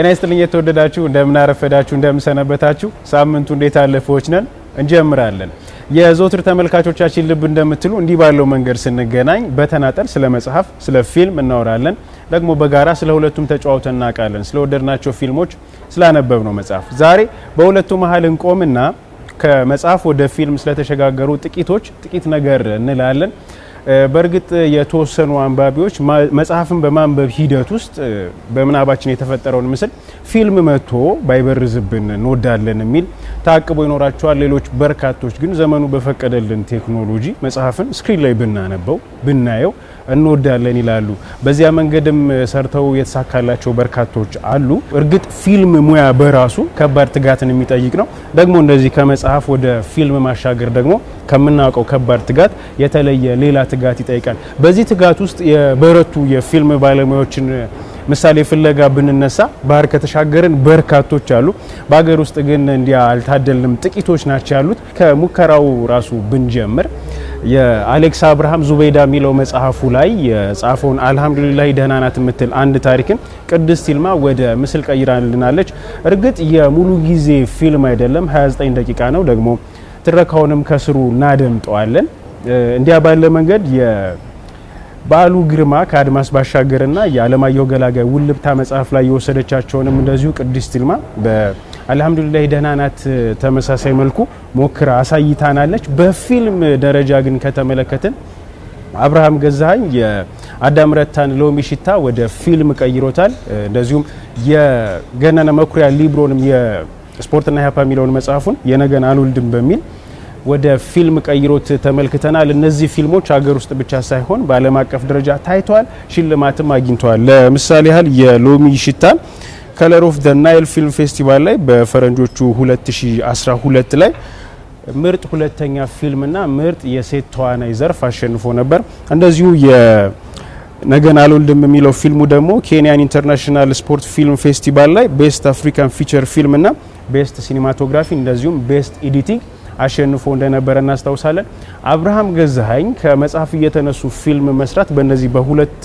ጤና ይስጥልኝ የተወደዳችሁ እንደምናረፈዳችሁ እንደምሰነበታችሁ። ሳምንቱ እንዴት አለፈዎች ነን እንጀምራለን። የዞትር ተመልካቾቻችን ልብ እንደምትሉ እንዲህ ባለው መንገድ ስንገናኝ በተናጠል ስለ መጽሐፍ፣ ስለ ፊልም እናወራለን። ደግሞ በጋራ ስለ ሁለቱም ተጫውተን እናውቃለን። ስለወደድናቸው ፊልሞች፣ ነው መጽሐፍ። ዛሬ በሁለቱ መሀል እንቆምና ከመጽሐፍ ወደ ፊልም ስለተሸጋገሩ ጥቂቶች ጥቂት ነገር እንላለን። በእርግጥ የተወሰኑ አንባቢዎች መጽሐፍን በማንበብ ሂደት ውስጥ በምናባችን የተፈጠረውን ምስል ፊልም መጥቶ ባይበርዝብን እንወዳለን የሚል ታቅቦ ይኖራቸዋል። ሌሎች በርካቶች ግን ዘመኑ በፈቀደልን ቴክኖሎጂ መጽሐፍን ስክሪን ላይ ብናነበው ብናየው እንወዳለን ይላሉ። በዚያ መንገድም ሰርተው የተሳካላቸው በርካቶች አሉ። እርግጥ ፊልም ሙያ በራሱ ከባድ ትጋትን የሚጠይቅ ነው። ደግሞ እንደዚህ ከመጽሐፍ ወደ ፊልም ማሻገር ደግሞ ከምናውቀው ከባድ ትጋት የተለየ ሌላ ትጋት ይጠይቃል። በዚህ ትጋት ውስጥ የበረቱ የፊልም ባለሙያዎችን ምሳሌ ፍለጋ ብንነሳ ባህር ከተሻገርን በርካቶች አሉ። በሀገር ውስጥ ግን እንዲያ አልታደልንም፣ ጥቂቶች ናቸው ያሉት። ከሙከራው ራሱ ብንጀምር የአሌክስ አብርሃም ዙበይዳ የሚለው መጽሐፉ ላይ የጻፈውን አልሐምዱሊላህ ደህና ናት የምትል አንድ ታሪክን ቅድስት ይልማ ወደ ምስል ቀይራልናለች። እርግጥ የሙሉ ጊዜ ፊልም አይደለም፣ 29 ደቂቃ ነው። ደግሞ ትረካውንም ከስሩ እናደምጠዋለን። እንዲያ ባለ መንገድ በዓሉ ግርማ ከአድማስ ባሻገርና የአለማየሁ ገላጋይ ውልብታ መጽሐፍ ላይ የወሰደቻቸውንም እንደዚሁ ቅድስት ይልማ በአልሐምዱሊላህ ደህና ናት ተመሳሳይ መልኩ ሞክራ አሳይታናለች። በፊልም ደረጃ ግን ከተመለከትን አብርሃም ገዛሀኝ የአዳም ረታን ሎሚ ሽታ ወደ ፊልም ቀይሮታል። እንደዚሁም የገነነ መኩሪያ ሊብሮንም የስፖርትና ኢህአፓ የሚለውን መጽሐፉን የነገን አልወልድም በሚል ወደ ፊልም ቀይሮት ተመልክተናል። እነዚህ ፊልሞች ሀገር ውስጥ ብቻ ሳይሆን በዓለም አቀፍ ደረጃ ታይተዋል፣ ሽልማትም አግኝተዋል። ለምሳሌ ያህል የሎሚ ሽታ ከለር ኦፍ ደ ናይል ፊልም ፌስቲቫል ላይ በፈረንጆቹ 2012 ላይ ምርጥ ሁለተኛ ፊልምና ምርጥ የሴት ተዋናይ ዘርፍ አሸንፎ ነበር። እንደዚሁ የነገን አልወልድም የሚለው ፊልሙ ደግሞ ኬንያን ኢንተርናሽናል ስፖርት ፊልም ፌስቲቫል ላይ ቤስት አፍሪካን ፊቸር ፊልምና ቤስት ሲኒማቶግራፊ እንደዚሁም ቤስት ኤዲቲንግ አሸንፎ እንደነበረ እናስታውሳለን። አብርሃም ገዛኸኝ ከመጽሐፍ እየተነሱ ፊልም መስራት በእነዚህ በሁለት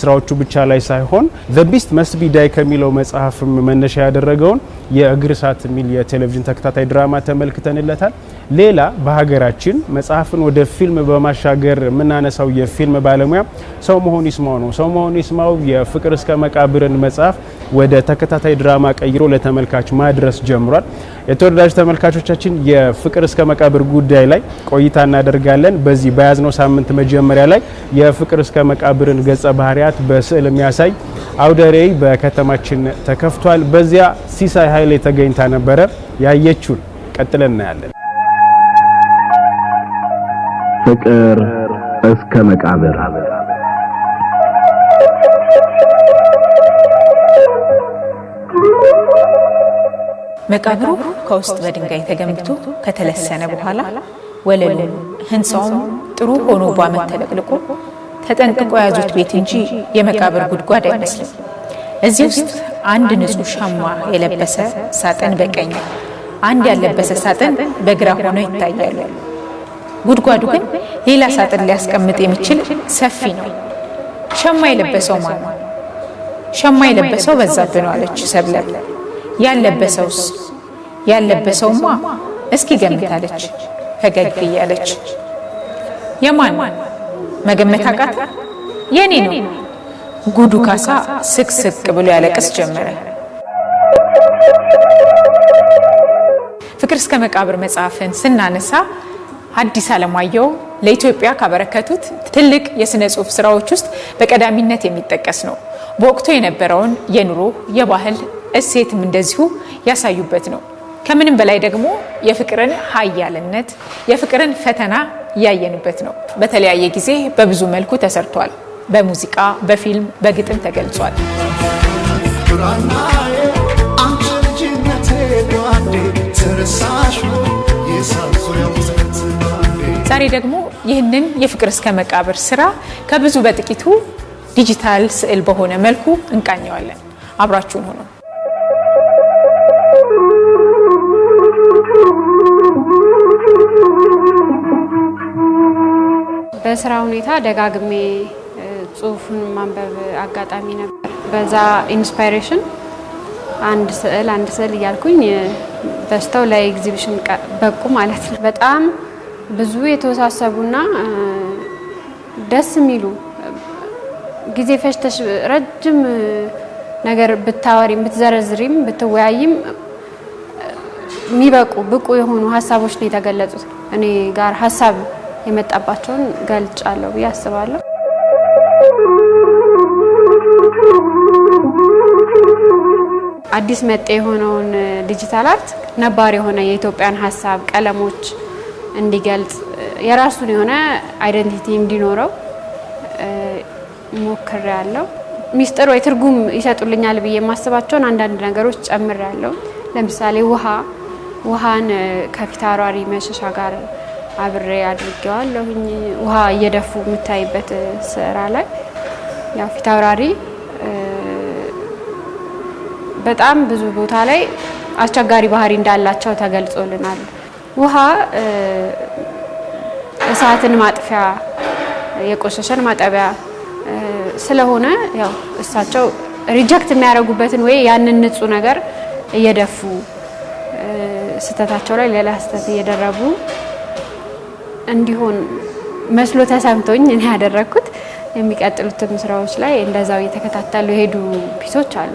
ስራዎቹ ብቻ ላይ ሳይሆን ዘ ቢስት መስቢ ዳይ ከሚለው መጽሐፍ መነሻ ያደረገውን የእግር እሳት የሚል የቴሌቪዥን ተከታታይ ድራማ ተመልክተንለታል። ሌላ በሀገራችን መጽሐፍን ወደ ፊልም በማሻገር የምናነሳው የፊልም ባለሙያ ሰው መሆን ይስማው ነው። ሰው መሆን ይስማው የፍቅር እስከ መቃብርን መጽሐፍ ወደ ተከታታይ ድራማ ቀይሮ ለተመልካች ማድረስ ጀምሯል። የተወዳጅ ተመልካቾቻችን የፍቅር እስከ መቃብር ጉዳይ ላይ ቆይታ እናደርጋለን። በዚህ በያዝነው ሳምንት መጀመሪያ ላይ የፍቅር እስከ መቃብርን ገጸ ባህሪያት በስዕል የሚያሳይ አውደ ርዕይ በከተማችን ተከፍቷል። በዚያ ሲሳይ ኃይሌ ተገኝታ ነበረ። ያየችውን ቀጥለን እናያለን። ፍቅር እስከ መቃብር መቃብሩ ከውስጥ በድንጋይ ተገንብቶ ከተለሰነ በኋላ ወለሉ ህንፃውም ጥሩ ሆኖ በአመት ተለቅልቆ ተጠንቅቆ የያዙት ቤት እንጂ የመቃብር ጉድጓድ አይመስልም። እዚህ ውስጥ አንድ ንጹህ ሻማ የለበሰ ሳጥን በቀኝ አንድ ያለበሰ ሳጥን በግራ ሆኖ ይታያሉ። ጉድጓዱ ግን ሌላ ሳጥን ሊያስቀምጥ የሚችል ሰፊ ነው። ሸማ የለበሰው ማነው? ሸማ የለበሰው በዛብህ ነው አለች ሰብለብ። ያለበሰውስ? ያለበሰውማ እስኪ ገምታለች ፈገግ እያለች። የማን መገመት አቃተ? የኔ ነው። ጉዱ ካሳ ስቅስቅ ብሎ ያለቅስ ጀመረ። ፍቅር እስከ መቃብር መጽሐፍን ስናነሳ አዲስ አለማየሁ ለኢትዮጵያ ካበረከቱት ትልቅ የሥነ ጽሑፍ ስራዎች ውስጥ በቀዳሚነት የሚጠቀስ ነው። በወቅቱ የነበረውን የኑሮ የባህል እሴትም እንደዚሁ ያሳዩበት ነው። ከምንም በላይ ደግሞ የፍቅርን ኃያልነት የፍቅርን ፈተና ያየንበት ነው። በተለያየ ጊዜ በብዙ መልኩ ተሰርቷል። በሙዚቃ፣ በፊልም፣ በግጥም ተገልጿል። ዛሬ ደግሞ ይህንን የፍቅር እስከ መቃብር ስራ ከብዙ በጥቂቱ ዲጂታል ስዕል በሆነ መልኩ እንቃኘዋለን። አብራችሁን ሆኖ በስራ ሁኔታ ደጋግሜ ጽሁፉን ማንበብ አጋጣሚ ነበር። በዛ ኢንስፓይሬሽን አንድ ስዕል አንድ ስዕል እያልኩኝ በስተው ለኤግዚቢሽን በቁ ማለት ነው። በጣም ብዙ የተወሳሰቡና ደስ የሚሉ ጊዜ ፈሽተሽ ረጅም ነገር ብታወሪም ብትዘረዝሪም ብትወያይም የሚበቁ ብቁ የሆኑ ሀሳቦች ነው የተገለጹት። እኔ ጋር ሀሳብ የመጣባቸውን ገልጫለሁ ብዬ አስባለሁ። አዲስ መጤ የሆነውን ዲጂታል አርት ነባር የሆነ የኢትዮጵያን ሀሳብ ቀለሞች እንዲገልጽ የራሱን የሆነ አይደንቲቲ እንዲኖረው ሞክሬያለሁ። ሚስጥር ወይ ትርጉም ይሰጡልኛል ብዬ የማስባቸውን አንዳንድ ነገሮች ጨምሬያለሁ። ለምሳሌ ውሃ ውሃን ከፊታውራሪ መሸሻ ጋር አብሬ አድርጌዋለሁኝ። ውሃ እየደፉ የምታይበት ስራ ላይ ያው ፊታውራሪ በጣም ብዙ ቦታ ላይ አስቸጋሪ ባህሪ እንዳላቸው ተገልጾልናል። ውሃ እሳትን ማጥፊያ፣ የቆሸሸን ማጠቢያ ስለሆነ ያው እሳቸው ሪጀክት የሚያደርጉበትን ወይ ያንን ንጹህ ነገር እየደፉ ስህተታቸው ላይ ሌላ ስህተት እየደረቡ እንዲሆን መስሎ ተሰምቶኝ እኔ ያደረግኩት የሚቀጥሉትም ስራዎች ላይ እንደዛው እየተከታተሉ የሄዱ ፒሶች አሉ።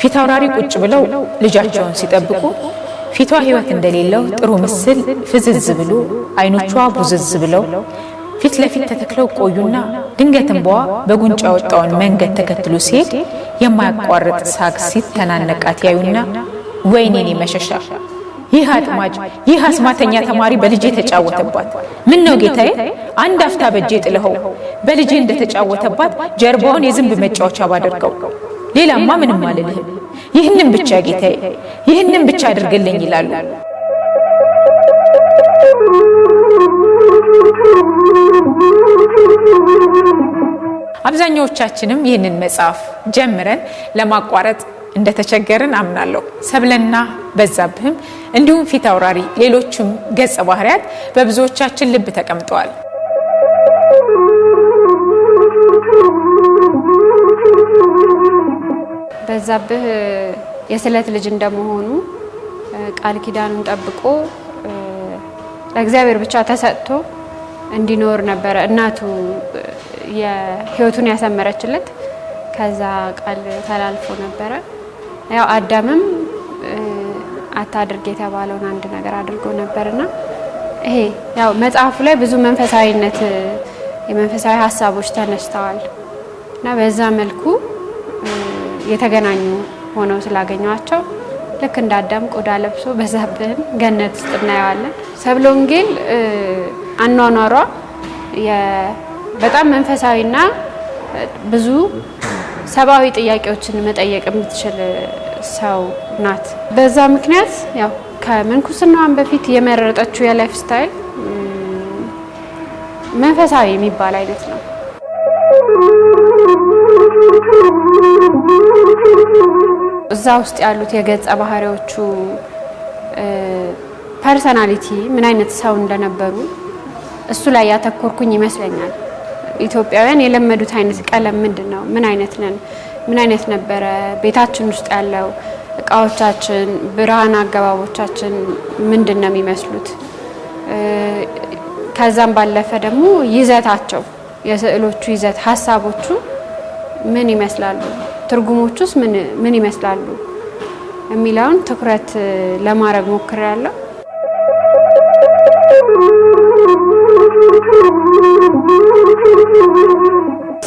ፊት አውራሪ ቁጭ ብለው ልጃቸውን ሲጠብቁ ፊቷ ህይወት እንደሌለው ጥሩ ምስል ፍዝዝ ብሎ አይኖቿ ቡዝዝ ብለው ፊት ለፊት ተተክለው ቆዩና ድንገትም እንባዋ በጉንጫ ወጣውን መንገድ ተከትሎ ሲሄድ የማያቋርጥ ሳቅ ሲተናነቃት ያዩና ወይኔን መሸሻ ይህ አጥማጅ ይህ አስማተኛ ተማሪ በልጄ የተጫወተባት ምን ነው ጌታዬ፣ አንድ አፍታ በእጄ ጥለኸው በልጄ እንደተጫወተባት ጀርባውን የዝንብ መጫወቻ ባደርገው ሌላማ ምንም አልልህም፣ ይህንን ብቻ ጌታዬ፣ ይህንም ብቻ አድርግልኝ ይላሉ። አብዛኛዎቻችንም ይህንን መጽሐፍ ጀምረን ለማቋረጥ እንደተቸገርን አምናለሁ። ሰብለና በዛብህም እንዲሁም ፊት አውራሪ ሌሎችም ገጸ ባህሪያት በብዙዎቻችን ልብ ተቀምጠዋል። በዛብህ የስለት ልጅ እንደመሆኑ ቃል ኪዳኑን ጠብቆ ለእግዚአብሔር ብቻ ተሰጥቶ እንዲኖር ነበረ እናቱ የህይወቱን ያሰመረችለት። ከዛ ቃል ተላልፎ ነበረ። ያው አዳምም አታድርግ የተባለውን አንድ ነገር አድርጎ ነበርና ይሄ ያው መጽሐፉ ላይ ብዙ መንፈሳዊነት የመንፈሳዊ ሀሳቦች ተነስተዋል እና በዛ መልኩ የተገናኙ ሆነው ስላገኟቸው ልክ እንዳዳም ቆዳ ለብሶ በዛብህም ገነት ውስጥ እናየዋለን። ሰብለ ወንጌል አኗኗሯ በጣም መንፈሳዊና ብዙ ሰብአዊ ጥያቄዎችን መጠየቅ የምትችል ሰው ናት። በዛ ምክንያት ያው ከምንኩስናዋን በፊት የመረጠችው የላይፍ ስታይል መንፈሳዊ የሚባል አይነት ነው። እዛ ውስጥ ያሉት የገጸ ባህሪዎቹ ፐርሰናሊቲ ምን አይነት ሰው እንደነበሩ እሱ ላይ ያተኮርኩኝ ይመስለኛል። ኢትዮጵያውያን የለመዱት አይነት ቀለም ምንድን ነው? ምን አይነት ነን? ምን አይነት ነበረ ቤታችን ውስጥ ያለው እቃዎቻችን፣ ብርሃን አገባቦቻችን ምንድን ነው የሚመስሉት? ከዛም ባለፈ ደግሞ ይዘታቸው፣ የስዕሎቹ ይዘት ሀሳቦቹ ምን ይመስላሉ፣ ትርጉሞቹስ ምን ይመስላሉ የሚለውን ትኩረት ለማድረግ ሞክሬያለሁ።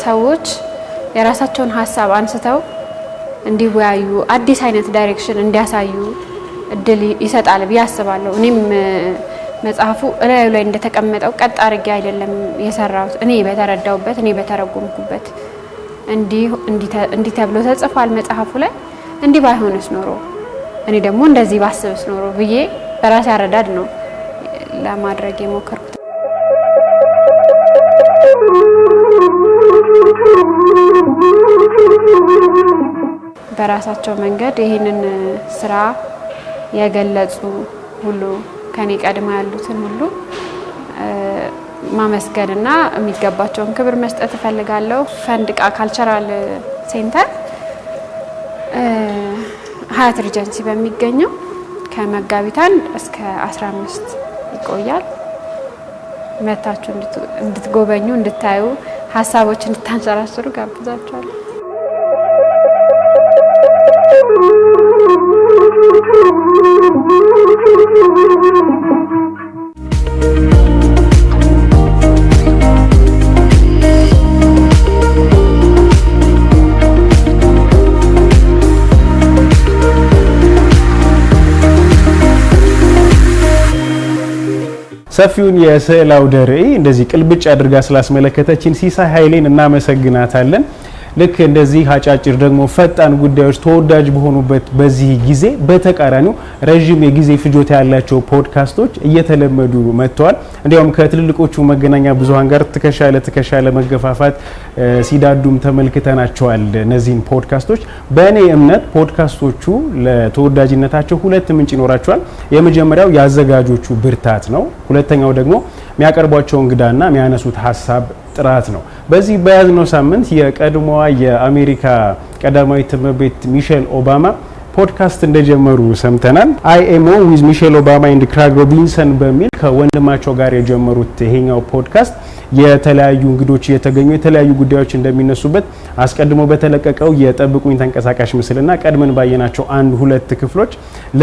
ሰዎች የራሳቸውን ሀሳብ አንስተው እንዲወያዩ አዲስ አይነት ዳይሬክሽን እንዲያሳዩ እድል ይሰጣል ብዬ አስባለሁ። እኔም መጽሐፉ እላዩ ላይ እንደተቀመጠው ቀጥ አድርጌ አይደለም የሰራሁት። እኔ በተረዳሁበት፣ እኔ በተረጎምኩበት እንዲህ ተብሎ ተጽፏል መጽሐፉ ላይ እንዲህ ባይሆንስ ኖሮ እኔ ደግሞ እንደዚህ ባስብስ ኖሮ ብዬ በራሴ አረዳድ ነው ለማድረግ የሞከርኩት። በራሳቸው መንገድ ይህንን ስራ የገለጹ ሁሉ ከኔ ቀድማ ያሉትን ሁሉ ማመስገንና የሚገባቸውን ክብር መስጠት እፈልጋለሁ። ፈንድቃ ካልቸራል ሴንተር ሀያት ሪጀንሲ በሚገኘው ከመጋቢት አንድ እስከ 15 ይቆያል። መታችሁ እንድትጎበኙ፣ እንድታዩ፣ ሀሳቦች እንድታንሰራስሩ ጋብዛችኋል Thank ሰፊውን የስዕል አውደ ርዕይ እንደዚህ ቅልብጭ አድርጋ ስላስመለከተችን ሲሳይ ኃይሌን እናመሰግናታለን። ልክ እንደዚህ አጫጭር ደግሞ ፈጣን ጉዳዮች ተወዳጅ በሆኑበት በዚህ ጊዜ በተቃራኒው ረዥም የጊዜ ፍጆታ ያላቸው ፖድካስቶች እየተለመዱ መጥተዋል። እንዲያውም ከትልልቆቹ መገናኛ ብዙሀን ጋር ትከሻ ለትከሻ ለመገፋፋት ሲዳዱም ተመልክተናቸዋል። እነዚህን ፖድካስቶች በእኔ እምነት ፖድካስቶቹ ለተወዳጅነታቸው ሁለት ምንጭ ይኖራቸዋል። የመጀመሪያው የአዘጋጆቹ ብርታት ነው። ሁለተኛው ደግሞ የሚያቀርቧቸው እንግዳና የሚያነሱት ሀሳብ ጥራት ነው። በዚህ በያዝነው ሳምንት የቀድሞዋ የአሜሪካ ቀዳማዊት እመቤት ሚሼል ኦባማ ፖድካስት እንደጀመሩ ሰምተናል። አይኤምኦ ዊዝ ሚሼል ኦባማ ኤንድ ክራግ ሮቢንሰን በሚል ከወንድማቸው ጋር የጀመሩት ይሄኛው ፖድካስት የተለያዩ እንግዶች እየተገኙ የተለያዩ ጉዳዮች እንደሚነሱበት አስቀድሞ በተለቀቀው የጠብቁኝ ተንቀሳቃሽ ምስልና ቀድመን ባየናቸው አንድ ሁለት ክፍሎች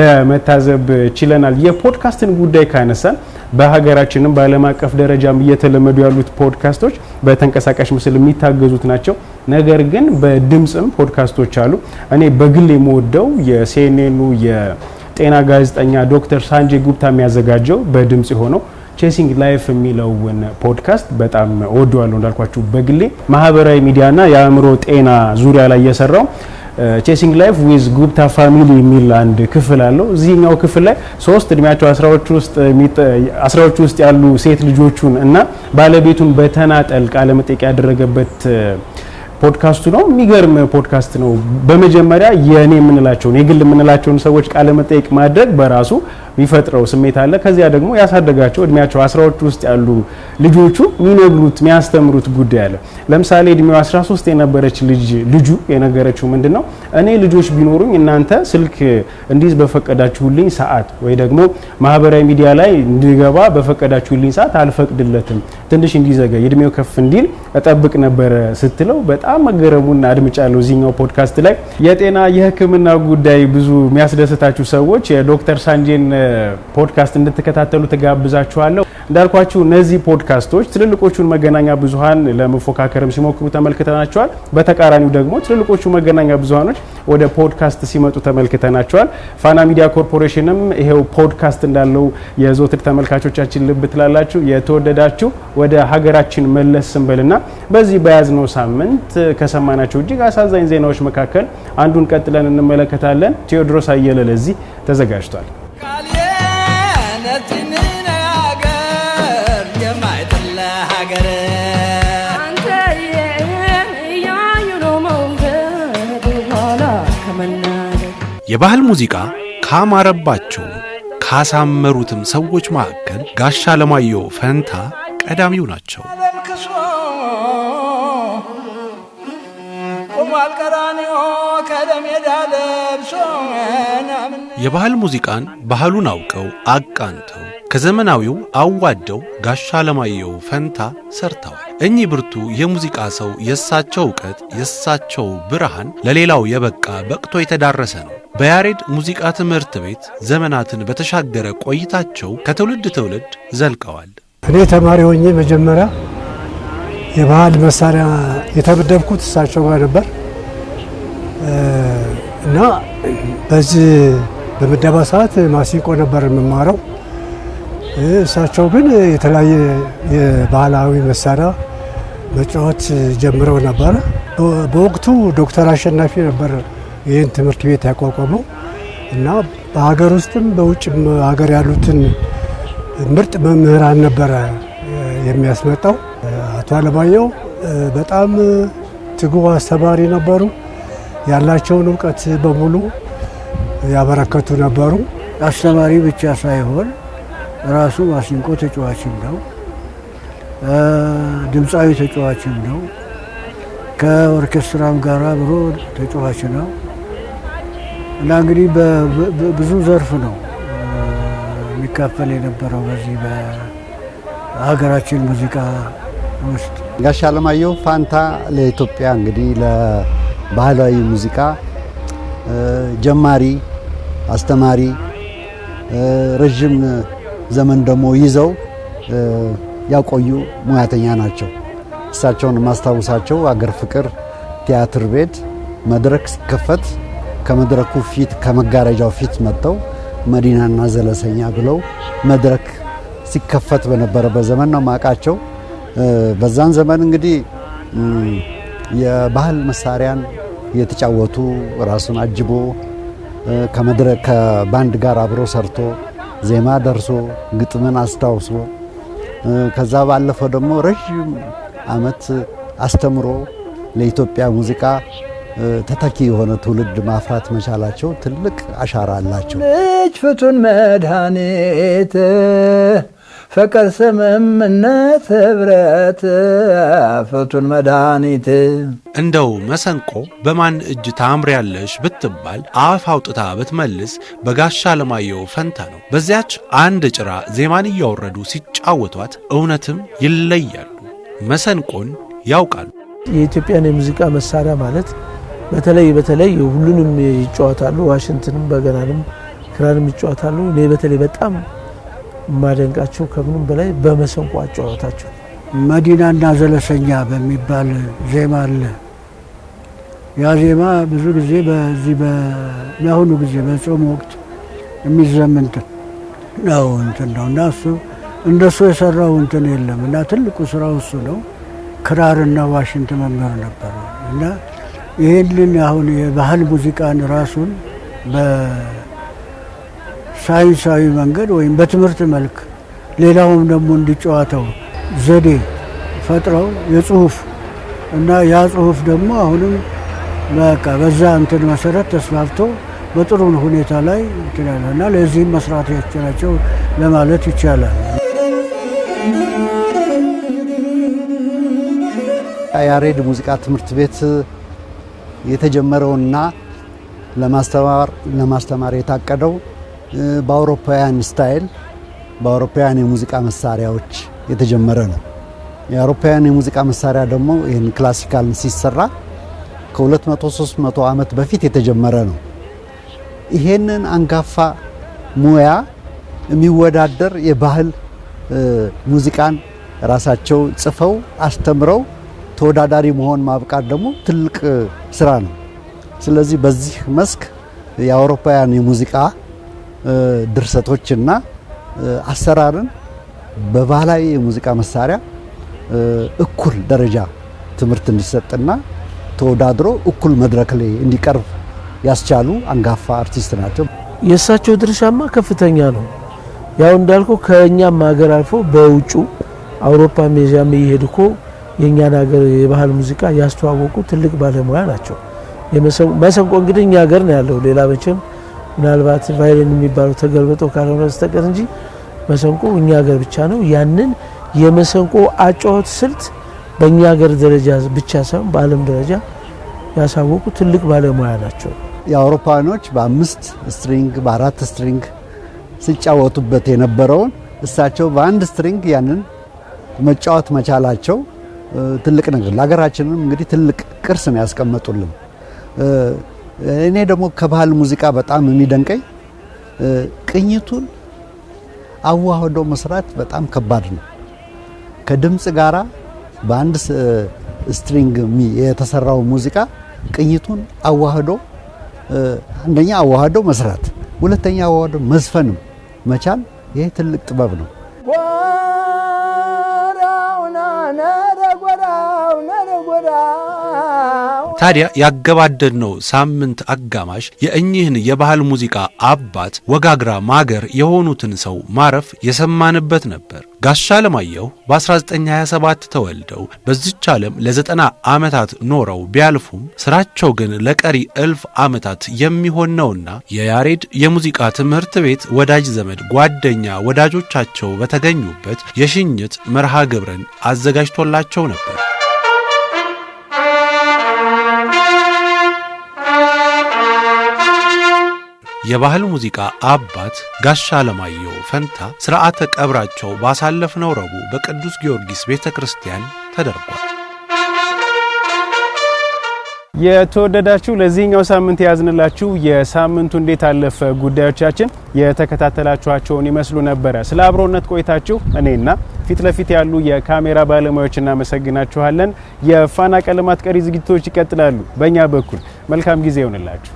ለመታዘብ ችለናል። የፖድካስትን ጉዳይ ካነሳን በሀገራችንም በዓለም አቀፍ ደረጃም እየተለመዱ ያሉት ፖድካስቶች በተንቀሳቃሽ ምስል የሚታገዙት ናቸው። ነገር ግን በድምፅም ፖድካስቶች አሉ። እኔ በግል የምወደው የሲኤንኤኑ የጤና ጋዜጠኛ ዶክተር ሳንጄ ጉፕታ የሚያዘጋጀው በድምፅ የሆነው ቼሲንግ ላይፍ የሚለውን ፖድካስት በጣም እወደዋለሁ። እንዳልኳችሁ በግሌ ማህበራዊ ሚዲያና የአእምሮ ጤና ዙሪያ ላይ እየሰራው ቼሲንግ ላይፍ ዊዝ ጉብታ ፋሚሊ የሚል አንድ ክፍል አለው። እዚህኛው ክፍል ላይ ሶስት እድሜያቸው አስራዎቹ ውስጥ ያሉ ሴት ልጆቹን እና ባለቤቱን በተናጠል ቃለ መጠይቅ ያደረገበት uh, ፖድካስቱ ነው። የሚገርም ፖድካስት ነው። በመጀመሪያ የእኔ የምንላቸውን የግል የምንላቸውን ሰዎች ቃለ መጠይቅ ማድረግ በራሱ የሚፈጥረው ስሜት አለ። ከዚያ ደግሞ ያሳደጋቸው እድሜያቸው አስራዎች ውስጥ ያሉ ልጆቹ የሚነግሩት የሚያስተምሩት ጉዳይ አለ። ለምሳሌ እድሜው 13 የነበረች ልጅ ልጁ የነገረችው ምንድን ነው? እኔ ልጆች ቢኖሩኝ እናንተ ስልክ እንዲዝ በፈቀዳችሁልኝ ሰዓት ወይ ደግሞ ማህበራዊ ሚዲያ ላይ እንዲገባ በፈቀዳችሁልኝ ሰዓት አልፈቅድለትም፣ ትንሽ እንዲዘገይ እድሜው ከፍ እንዲል እጠብቅ ነበረ ስትለው በጣም መገረሙና አድምጫ ለው እዚህኛው ፖድካስት ላይ የጤና የህክምና ጉዳይ ብዙ የሚያስደስታችሁ ሰዎች የዶክተር ሳንጄን ፖድካስት እንድትከታተሉ ተጋብዛችኋለሁ። እንዳልኳችሁ እነዚህ ፖድካስቶች ትልልቆቹን መገናኛ ብዙሀን ለመፎካከርም ሲሞክሩ ተመልክተናቸዋል። በተቃራኒው ደግሞ ትልልቆቹ መገናኛ ብዙሀኖች ወደ ፖድካስት ሲመጡ ተመልክተናቸዋል። ፋና ሚዲያ ኮርፖሬሽንም ይሄው ፖድካስት እንዳለው የዘወትር ተመልካቾቻችን ልብ ትላላችሁ። የተወደዳችሁ ወደ ሀገራችን መለስ ስንበልና በዚህ በያዝነው ሳምንት ከሰማናቸው እጅግ አሳዛኝ ዜናዎች መካከል አንዱን ቀጥለን እንመለከታለን። ቴዎድሮስ አየለ ለዚህ ተዘጋጅቷል። የባህል ሙዚቃ ካማረባቸው ካሳመሩትም ሰዎች መካከል ጋሻ አለማየሁ ፈንታ ቀዳሚው ናቸው። ቆሟል ቀራንዮ ከደም የዳ ለብሶ የባህል ሙዚቃን ባህሉን አውቀው አቃንተው ከዘመናዊው አዋደው ጋሻ ለማየው ፈንታ ሰርተዋል። እኚህ ብርቱ የሙዚቃ ሰው የእሳቸው እውቀት የእሳቸው ብርሃን ለሌላው የበቃ በቅቶ የተዳረሰ ነው። በያሬድ ሙዚቃ ትምህርት ቤት ዘመናትን በተሻገረ ቆይታቸው ከትውልድ ትውልድ ዘልቀዋል። እኔ ተማሪ ሆኜ መጀመሪያ የባህል መሳሪያ የተመደብኩት እሳቸው ጋር ነበር እና በዚህ በምደባ ሰዓት ማሲንቆ ነበር የምማረው። እሳቸው ግን የተለያየ የባህላዊ መሳሪያ መጫወት ጀምረው ነበረ። በወቅቱ ዶክተር አሸናፊ ነበር ይህን ትምህርት ቤት ያቋቋመው እና በሀገር ውስጥም በውጭም ሀገር ያሉትን ምርጥ መምህራን ነበረ የሚያስመጣው። አቶ አለማየሁ በጣም ትጉህ አስተማሪ ነበሩ። ያላቸውን እውቀት በሙሉ ያበረከቱ ነበሩ። አስተማሪ ብቻ ሳይሆን ራሱ ማሲንቆ ተጫዋችም ነው፣ ድምፃዊ ተጫዋችም ነው፣ ከኦርኬስትራም ጋር አብሮ ተጫዋች ነው እና እንግዲህ ብዙ ዘርፍ ነው የሚካፈል የነበረው በዚህ በሀገራችን ሙዚቃ ውስጥ። ጋሻ አለማየሁ ፋንታ ለኢትዮጵያ እንግዲህ ለባህላዊ ሙዚቃ ጀማሪ አስተማሪ ረዥም ዘመን ደግሞ ይዘው ያቆዩ ሙያተኛ ናቸው። እሳቸውን የማስታውሳቸው አገር ፍቅር ቲያትር ቤት መድረክ ሲከፈት ከመድረኩ ፊት ከመጋረጃው ፊት መጥተው መዲናና ዘለሰኛ ብለው መድረክ ሲከፈት በነበረበት ዘመን ነው ማቃቸው። በዛን ዘመን እንግዲህ የባህል መሳሪያን የተጫወቱ ራሱን አጅቦ ከመድረክ ከባንድ ጋር አብሮ ሰርቶ ዜማ ደርሶ ግጥምን አስታውሶ ከዛ ባለፈው ደግሞ ረዥም ዓመት አስተምሮ ለኢትዮጵያ ሙዚቃ ተተኪ የሆነ ትውልድ ማፍራት መቻላቸው ትልቅ አሻራ አላቸው። ልጅ ፍቱን መድኃኒት ፈቀድ ስምምነት ኅብረት ፍቱን መድኃኒት። እንደው መሰንቆ በማን እጅ ታምሪያለሽ ብትባል አፍ አውጥታ ብትመልስ በጋሻ አለማየሁ ፈንታ ነው። በዚያች አንድ ጭራ ዜማን እያወረዱ ሲጫወቷት እውነትም ይለያሉ፣ መሰንቆን ያውቃሉ። የኢትዮጵያን የሙዚቃ መሳሪያ ማለት በተለይ በተለይ ሁሉንም ይጫወታሉ። ዋሽንትንም፣ በገናንም፣ ክራርም ይጫወታሉ። እኔ በተለይ በጣም የማደንቃቸው ከምንም በላይ በመሰንቆ አጨዋወታቸው መዲናና ዘለሰኛ በሚባል ዜማ አለ። ያ ዜማ ብዙ ጊዜ በዚህ በአሁኑ ጊዜ በጾም ወቅት የሚዘምንትን ነው እንትን ነው እና እሱ እንደሱ የሰራው እንትን የለም እና ትልቁ ስራው እሱ ነው። ክራርና ዋሽንት መምህር ነበረ እና ይህንን አሁን የባህል ሙዚቃን ራሱን ሳይንሳዊ መንገድ ወይም በትምህርት መልክ ሌላውም ደግሞ እንዲጨዋተው ዘዴ ፈጥረው የጽሁፍ እና ያ ጽሁፍ ደግሞ አሁንም በቃ በዛ እንትን መሰረት ተስፋፍቶ በጥሩ ሁኔታ ላይ ይችላል እና ለዚህም መስራት ያስችላቸው ለማለት ይቻላል። ያሬድ ሙዚቃ ትምህርት ቤት የተጀመረውና ለማስተማር ለማስተማር የታቀደው በአውሮፓውያን ስታይል በአውሮፓውያን የሙዚቃ መሳሪያዎች የተጀመረ ነው። የአውሮፓውያን የሙዚቃ መሳሪያ ደግሞ ይህን ክላሲካል ሲሰራ ከ200 300 ዓመት በፊት የተጀመረ ነው። ይሄንን አንጋፋ ሙያ የሚወዳደር የባህል ሙዚቃን ራሳቸው ጽፈው አስተምረው ተወዳዳሪ መሆን ማብቃት ደግሞ ትልቅ ስራ ነው። ስለዚህ በዚህ መስክ የአውሮፓውያን የሙዚቃ ድርሰቶችና አሰራርን በባህላዊ የሙዚቃ መሳሪያ እኩል ደረጃ ትምህርት እንዲሰጥና ተወዳድሮ እኩል መድረክ ላይ እንዲቀርብ ያስቻሉ አንጋፋ አርቲስት ናቸው። የእሳቸው ድርሻማ ከፍተኛ ነው። ያው እንዳልኩ ከእኛም ሀገር አልፎ በውጩ አውሮፓ፣ ሜዚያም እየሄድ እኮ የእኛን ሀገር የባህል ሙዚቃ ያስተዋወቁ ትልቅ ባለሙያ ናቸው። መሰንቆ እንግዲህ እኛ ሀገር ነው ያለው ሌላ መቼም ምናልባት ቫይሊን የሚባለው ተገልብጦ ካልሆነ በስተቀር እንጂ መሰንቆ እኛ ሀገር ብቻ ነው። ያንን የመሰንቆ አጫወት ስልት በእኛ ሀገር ደረጃ ብቻ ሳይሆን በዓለም ደረጃ ያሳወቁ ትልቅ ባለሙያ ናቸው። የአውሮፓውያኖች በአምስት ስትሪንግ በአራት ስትሪንግ ሲጫወቱበት የነበረውን እሳቸው በአንድ ስትሪንግ ያንን መጫወት መቻላቸው ትልቅ ነገር ለሀገራችንም እንግዲህ ትልቅ ቅርስ ነው ያስቀመጡልን። እኔ ደግሞ ከባህል ሙዚቃ በጣም የሚደንቀኝ ቅኝቱን አዋህዶ መስራት በጣም ከባድ ነው። ከድምፅ ጋራ በአንድ ስትሪንግ የተሰራው ሙዚቃ ቅኝቱን አዋህዶ አንደኛ አዋህዶ መስራት፣ ሁለተኛ አዋህዶ መዝፈንም መቻል ይሄ ትልቅ ጥበብ ነው። ታዲያ ያገባደድነው ሳምንት አጋማሽ የእኚህን የባህል ሙዚቃ አባት ወጋግራ ማገር የሆኑትን ሰው ማረፍ የሰማንበት ነበር። ጋሻ ለማየሁ በ1927 ተወልደው በዚች ዓለም ለ90 ዓመታት ኖረው ቢያልፉም ስራቸው ግን ለቀሪ እልፍ ዓመታት የሚሆን ነውና የያሬድ የሙዚቃ ትምህርት ቤት ወዳጅ ዘመድ፣ ጓደኛ ወዳጆቻቸው በተገኙበት የሽኝት መርሃ ግብርን አዘጋጅቶላቸው ነበር። የባህል ሙዚቃ አባት ጋሻ ለማየሁ ፈንታ ሥርዓተ ቀብራቸው ባሳለፍነው ረቡዕ በቅዱስ ጊዮርጊስ ቤተ ክርስቲያን ተደርጓል። የተወደዳችሁ ለዚህኛው ሳምንት የያዝንላችሁ የሳምንቱ እንዴት አለፈ ጉዳዮቻችን የተከታተላችኋቸውን ይመስሉ ነበረ። ስለ አብሮነት ቆይታችሁ እኔና ፊት ለፊት ያሉ የካሜራ ባለሙያዎች እናመሰግናችኋለን። የፋና ቀለማት ቀሪ ዝግጅቶች ይቀጥላሉ። በእኛ በኩል መልካም ጊዜ ይሆንላችሁ።